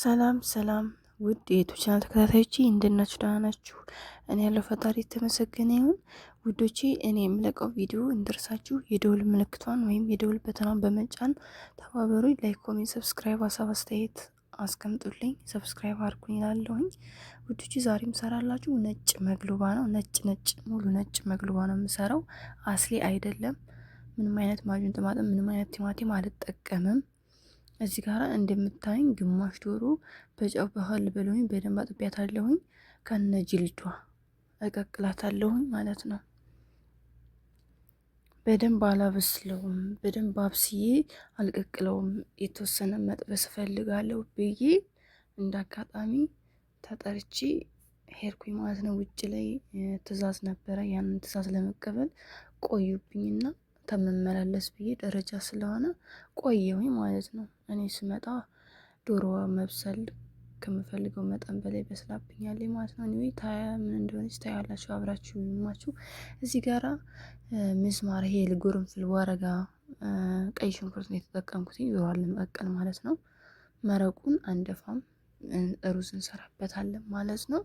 ሰላም ሰላም ውድ የዩቱብ ቻናል ተከታታዮቼ እንደናችሁ ደህና ናችሁ? እኔ ያለው ፈጣሪ የተመሰገነ ይሁን። ውዶቼ እኔ የምለቀው ቪዲዮ እንደርሳችሁ የደውል ምልክቷን ወይም የደውል በተናን በመጫን ተባበሩ። ላይክ፣ ኮሜንት፣ ሰብስክራይብ፣ ሀሳብ አስተያየት አስቀምጡልኝ። ሰብስክራይብ አድርጉኝ እላለሁኝ። ውዶቼ ዛሬም ሰራላችሁ ነጭ መግሉባ ነው። ነጭ ነጭ ሙሉ ነጭ መግሉባ ነው የምሰራው። አስሌ አይደለም። ምንም አይነት ማጁን ጥማጥም፣ ምንም አይነት ቲማቲም አልጠቀምም። እዚህ ጋር እንደምታይኝ ግማሽ ዶሮ በጨው ባህል በሎኝ በደንብ አጥቢያታለሁኝ። ከነ ጅልቷ እቀቅላታለሁኝ ማለት ነው። በደንብ አላበስለውም። በደንብ አብስዬ አልቀቅለውም። የተወሰነ መጥበስ እፈልጋለሁ ብዬ እንደ አጋጣሚ ተጠርቼ ሄድኩኝ ማለት ነው። ውጭ ላይ ትዕዛዝ ነበረ። ያንን ትዕዛዝ ለመቀበል ቆዩብኝና ከምመላለስ ብዬ ደረጃ ስለሆነ ቆየሁኝ ማለት ነው። እኔ ስመጣ ዶሮ መብሰል ከምፈልገው መጠን በላይ በስላብኛል ማለት ነው። እኔ ታያ ምን እንደሆነች ታያላችሁ አብራችሁ ናችሁ። እዚህ ጋራ ምስማር ሄል ልጉርንፍል ወረጋ ቀይ ሽንኩርት ነው የተጠቀምኩት ዶሮዋን ለመቀቀል ማለት ነው። መረቁን አንደፋም፣ ሩዝ እንሰራበታለን ማለት ነው።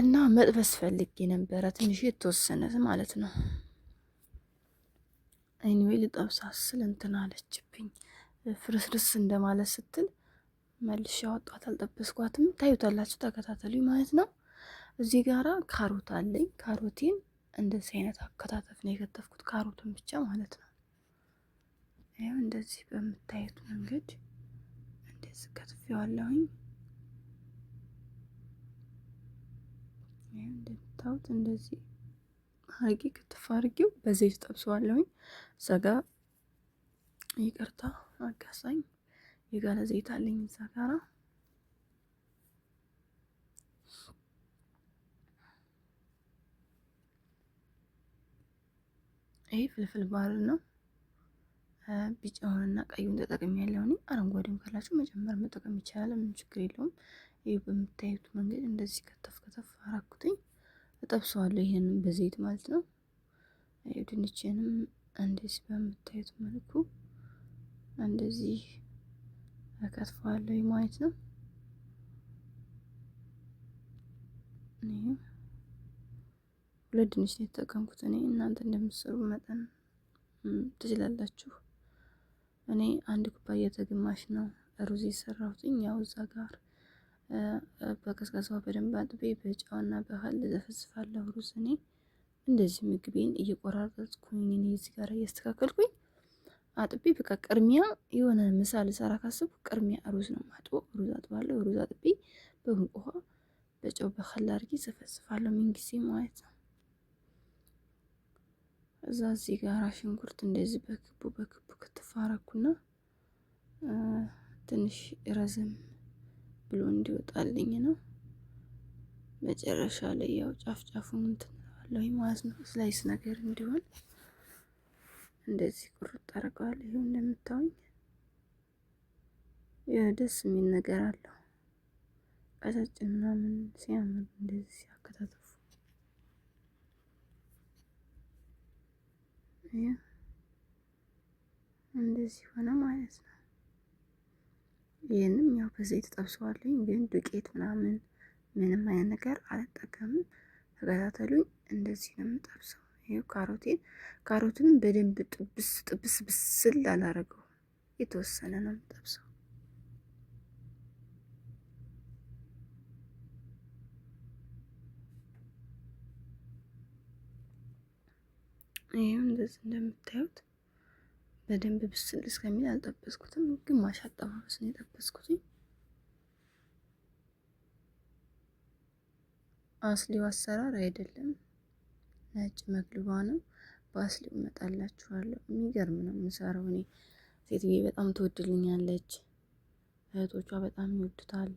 እና መጥበስ ፈልጌ ነበረ ትንሽ የተወሰነ ማለት ነው። እኔ ልጠብሳ ስል እንትን አለችብኝ። ፍርስርስ እንደማለት ስትል መልሽ ያወጧት አልጠበስኳትም። ታዩታላችሁ፣ ተከታተሉ ማለት ነው። እዚህ ጋራ ካሮት አለኝ። ካሮቴን እንደዚህ አይነት አከታተፍ ነው የከተፍኩት፣ ካሮቱን ብቻ ማለት ነው። ይኸው እንደዚህ በምታዩት መንገድ እንደዚህ ከትፌዋለሁኝ። ይኸው እንደምታዩት እንደዚህ አርጌ ክትፍ አርጌው በዘይት ጠብሰዋለሁኝ። እዛ ጋ ይቅርታ አጋሳኝ የጋለ ዘይት አለኝ እዛ ጋራ ይህ ፍልፍል ባህል ነው። ቢጫውንና ቀዩን ያለው ያለውን አረንጓዴም ካላችሁ መጨመር መጠቀም ይቻላል። ምን ችግር የለውም። ይህ በምታዩት መንገድ እንደዚህ ከተፍ ከተፍ አራኩትኝ። እጠብሰዋለሁ። ይሄንን በዘይት ማለት ነው። ድንችንም እንደዚህ በምታዩት መልኩ እንደዚህ እከትፈዋለሁ ማለት ነው። ሁለት ድንች ነው የተጠቀምኩት እኔ። እናንተ እንደምትሰሩ መጠን ትችላላችሁ። እኔ አንድ ኩባያ ተግማሽ ነው ሩዝ የሰራሁትኝ ያው እዛ ጋር በቀዝቀዛ በደንብ አጥቤ በጨውና በህል ዘፈዝፋለሁ። ሩዝ እኔ እንደዚህ ምግቤን እየቆራረጥኩኝ እኔ እዚህ ጋር እያስተካከልኩኝ አጥቤ በቃ ቅድሚያ የሆነ ምሳ ልሰራ ካስብ ቅድሚያ ሩዝ ነው ማጥቦ ሩዝ አጥባለሁ። ሩዝ አጥቤ በሙቅ ውሃ በጨው በኸል አድርጌ ዘፈዝፋለሁ። ምንጊዜ ማለት ነው። እዛ እዚህ ጋር ሽንኩርት እንደዚህ በክቡ በክቡ ክትፋረኩና ትንሽ ረዘም ብሎ እንዲወጣልኝ ነው። መጨረሻ ላይ ያው ጫፍ ጫፉ እንትንለዋለሁ ማለት ነው። ስላይስ ነገር እንዲሆን እንደዚህ ቁርጥ አርገዋል። ይሄው እንደምታውኝ ደስ የሚል ነገር አለው። ቀጫጭን ምናምን ሲያምር እንደዚህ ሲያከታተፉ እንደዚህ ሆነ ማለት ነው። ይህንም ያው በዘይት ጠብሰዋለኝ፣ ግን ዱቄት ምናምን ምንም አይነት ነገር አልጠቀምም። ተከታተሉኝ። እንደዚህ ነው የምጠብሰው። ይ ካሮቴን ካሮትን በደንብ ጥብስ ጥብስ ብስል አላረገው፣ የተወሰነ ነው የምጠብሰው። ይህም እንደዚህ እንደምታዩት በደንብ ብስል እስከሚል አልጠበስኩትም። ግማሽ አጠባበስ ነው የጠበስኩትኝ። አስሊው አሰራር አይደለም፣ ነጭ መክልባ ነው። በአስሊው እመጣላችኋለሁ። የሚገርም ነው የምሰራው እኔ። ሴትዬ በጣም ትወድልኛለች፣ እህቶቿ በጣም ይወዱታል።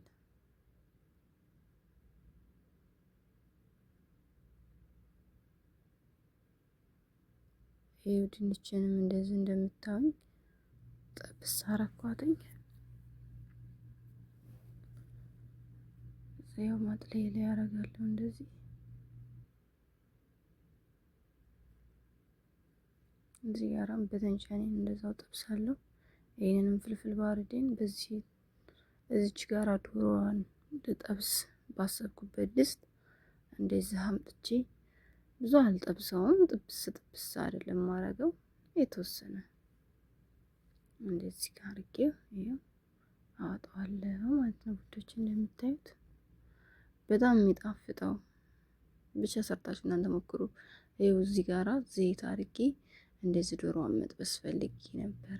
ይኸው ድንችንም እንደዚህ እንደምታዩኝ ጠብስ አረኳትኝ። ያው ማጥለያ ላይ ያደርጋለሁ እንደዚህ እዚህ ጋራም በተንቻኔን እንደዛው ጠብሳለሁ። ይህንንም ፍልፍል ባርዴን በዚህ እዚች ጋራ ዶሮዋን ልጠብስ ባሰብኩበት ድስት እንደዚህ አምጥቼ ብዙ አልጠብሰውም። ጥብስ ጥብስ አይደለም ማረገው የተወሰነ እንደዚህ ጋር አድርጌ ይሄው አወጣዋለሁ ማለት ነው። ውዶች እንደምታዩት በጣም የሚጣፍጠው ብቻ ሰርታችሁ እናንተ ሞክሩ። ይኸው እዚህ ጋራ ዘይት አድርጌ እንደዚህ ዶሮዋን መጥበስ ፈልጌ ነበረ።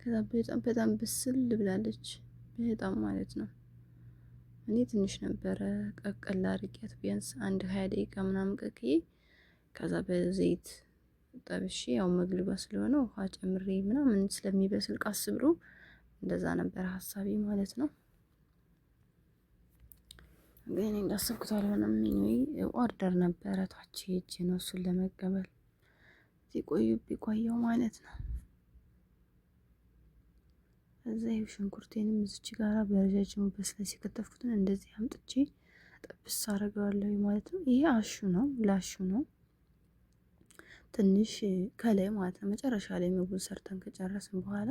ከዛ በጣም በጣም ብስል ብላለች፣ በጣም ማለት ነው። እኔ ትንሽ ነበረ ቀቀላ አድርጌያት ቢያንስ አንድ ሀያ ደቂቃ ምናምን ቀቅዬ ከዛ በዘይት ጠብሼ ያው መግልባ ስለሆነ ውሃ ጨምሬ ምናምን ስለሚበስል ቃስ ብሎ እንደዛ ነበር ሀሳቢ ማለት ነው። ግን እንዳሰብኩት አልሆነም። ኦርደር ነበረ ታች ሄጄ ነው እሱን ለመቀበል ሲቆዩ ቢቆየው ማለት ነው። እዛ ይህ ሽንኩርቴንም እዚች ጋራ በረጃጅሙ በስለ ሲከተፍኩትን እንደዚህ አምጥቼ ጥብስ አደርገዋለሁ ማለት ነው። ይሄ አሹ ነው ላሹ ነው። ትንሽ ከላይ ማለት ነው። መጨረሻ ላይ ምግቡን ሰርተን ከጨረስን በኋላ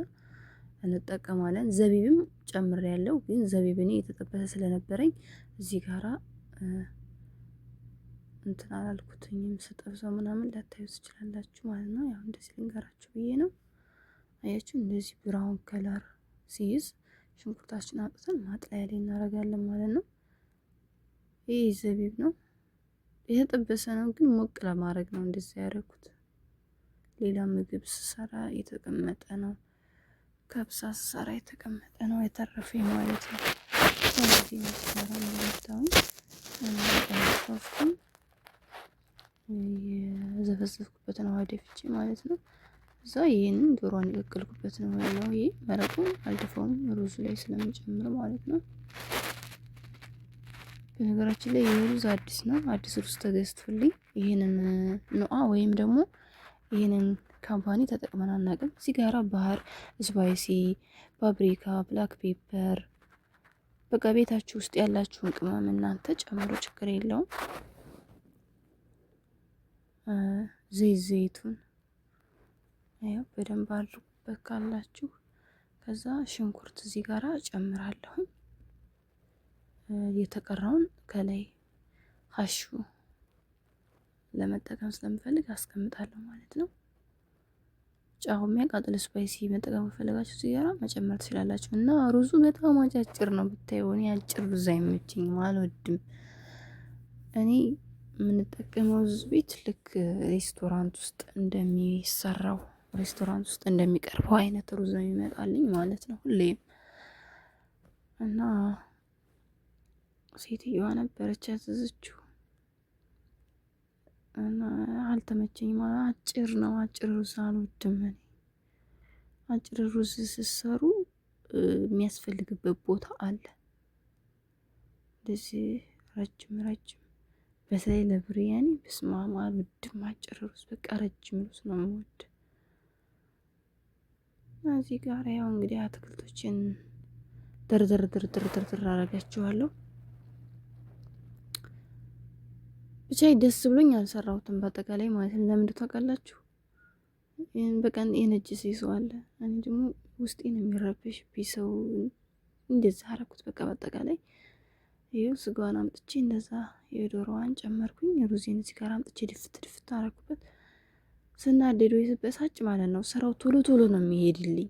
እንጠቀማለን። ዘቢብም ጨምር ያለው ግን ዘቢብ እኔ የተጠበሰ ስለነበረኝ እዚህ ጋራ እንትን አላልኩትኝም። ስጠብሰው ምናምን ላታዩ ትችላላችሁ ማለት ነው። ያው እንደዚህ ልንገራችሁ ብዬ ነው። አያችሁ እንደዚህ ብራውን ከለር ሲይዝ ሽንኩርታችን አውጥተን ማጥለያ ላይ እናደርጋለን ማለት ነው። ይህ ዘቢብ ነው። የተጠበሰ ነው፣ ግን ሞቅ ለማድረግ ነው እንደዚ ያደረኩት። ሌላ ምግብ ስሰራ የተቀመጠ ነው፣ ከብሳ ስሰራ የተቀመጠ ነው፣ የተረፈ ማለት ነው። ስለዚህ መስራ ነው ደፍቼ ማለት ነው። እዛ ይህን ዶሮን የቀቀልኩበት ነው ያለው። ይህ መረቁ አልደፈውም ሩዙ ላይ ስለምጨምር ማለት ነው። በነገራችን ላይ የሩዝ አዲስ ነው። አዲስ ሩዝ ተገዝቶልኝ ይህንን ንዋ ወይም ደግሞ ይህንን ካምፓኒ ተጠቅመን አናውቅም። እዚህ ጋራ ባህር፣ ስፓይሲ፣ ፋብሪካ፣ ብላክ ፔፐር በቃ ቤታችሁ ውስጥ ያላችሁን ቅመም እናንተ ጨምሮ ችግር የለውም። ዘይት ዘይቱን በደንብ አድርጉበት ካላችሁ ከዛ ሽንኩርት እዚህ ጋራ ጨምራለሁኝ። የተቀረውን ከላይ ሀሹ ለመጠቀም ስለምፈልግ አስቀምጣለሁ ማለት ነው። ጫው የሚያቃጥል ስፓይሲ መጠቀም ከፈለጋችሁ ሲጋራ መጨመር ትችላላችሁ። እና ሩዙ በጣም አጫጭር ነው ብታይ ሆኔ አጭር ሩዝ አይመችኝም፣ አልወድም። እኔ የምንጠቀመው ሩዝ ቤት ልክ ሬስቶራንት ውስጥ እንደሚሰራው ሬስቶራንት ውስጥ እንደሚቀርበው አይነት ሩዝ ነው የሚመጣልኝ ማለት ነው ሁሌም እና ሴትዮዋ ነበረች ያዘዘችው እና አልተመቸኝም። አጭር ነው አጭር ሩዝ አልወድም እኔ አጭር ሩዝ ስሰሩ የሚያስፈልግበት ቦታ አለ። እንደዚህ ረጅም ረጅም በተለይ ለብርያኒ ብስማማ አልወድም አጭር ሩዝ። በቃ ረጅም ሩዝ ነው የምወድ። እዚህ ጋር ያው እንግዲህ አትክልቶችን ድርድር ድርድር ድርድር አረጋችኋለሁ። ብቻ ደስ ብሎኝ አልሰራሁትም በአጠቃላይ ማለት ነው። ለምንድ ታውቃላችሁ? በቀን የነጭ ሰው አለ። እኔ ደግሞ ውስጤ ነው የሚረብሽ ቢሰው እንደዛ አረኩት። በቃ በአጠቃላይ ይኸው ስጋዋን አምጥቼ እንደዛ የዶሮዋን ጨመርኩኝ። ሩዜን እዚህ ጋር አምጥቼ ድፍት ድፍት አረኩበት። ስናደዱ የስበሳጭ ማለት ነው። ስራው ቶሎ ቶሎ ነው የሚሄድልኝ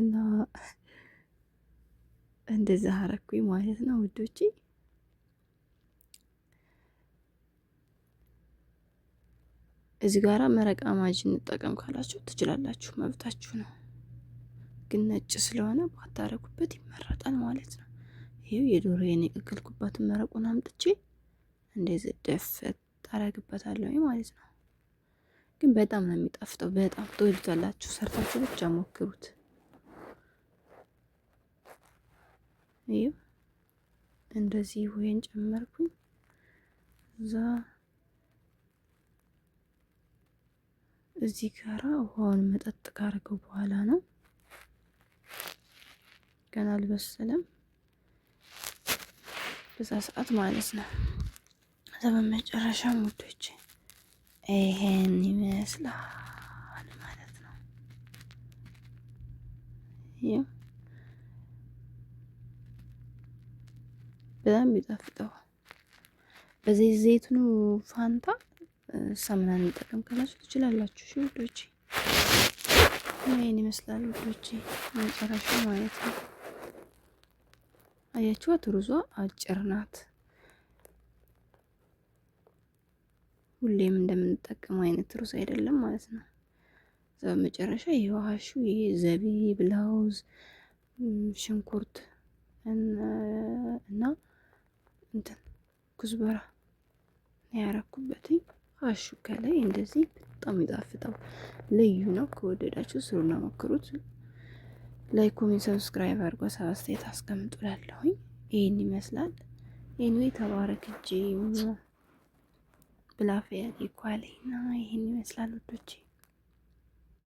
እና እንደዛ አረኩኝ ማለት ነው ውዶቼ። እዚህ ጋራ መረቃ ማጅ እንጠቀም ካላችሁ ትችላላችሁ፣ መብታችሁ ነው። ግን ነጭ ስለሆነ ባታረጉበት ይመረጣል ማለት ነው። የዶሮ የዶሮዬን የቀቀልኩባትን መረቁን አምጥቼ እንደዚህ ደፈት ታረግበታለሁ ማለት ነው። ግን በጣም ነው የሚጣፍጠው። በጣም ትወዱታላችሁ። ሰርታችሁ ብቻ ሞክሩት። ይኸው እንደዚህ ወይን ጨመርኩኝ። እዛ እዚህ ጋራ ውሃውን መጠጥ ካደረገው በኋላ ነው ገና አልበሰለም በዛ ሰዓት ማለት ነው። እዛ በመጨረሻ ሙዶች ይሄን ይመስላል ማለት ነው። በጣም የሚጣፍጠው በዚህ ዘይቱን ፋንታ ሳሙና እንጠቀም ካላችሁ ትችላላችሁ። እሺ ውዶቼ፣ ይሄን ይመስላል ውዶቼ፣ መጨረሻ ማለት ነው። አያችኋት፣ ሩዟ አጭር ናት። ሁሌም እንደምንጠቀም አይነት ሩዝ አይደለም ማለት ነው። እዛ በመጨረሻ የዋሹ ይሄ ዘቢብ፣ ለውዝ፣ ሽንኩርት እና እንትን ኩዝበራ ያረኩበትኝ። አሹ ከላይ እንደዚህ በጣም ይጣፍጣል። ልዩ ነው። ከወደዳችሁ ስሩና ሞክሩት። ላይክ፣ ኮሜንት፣ ሰብስክራይብ አድርጎ ሀሳብ አስተያየት አስቀምጡላለሁኝ። ይህን ይመስላል። ኤኒዌይ ተባረክ እጄ ብላፈያ ኳሌ ና ይህን ይመስላል ወዶቼ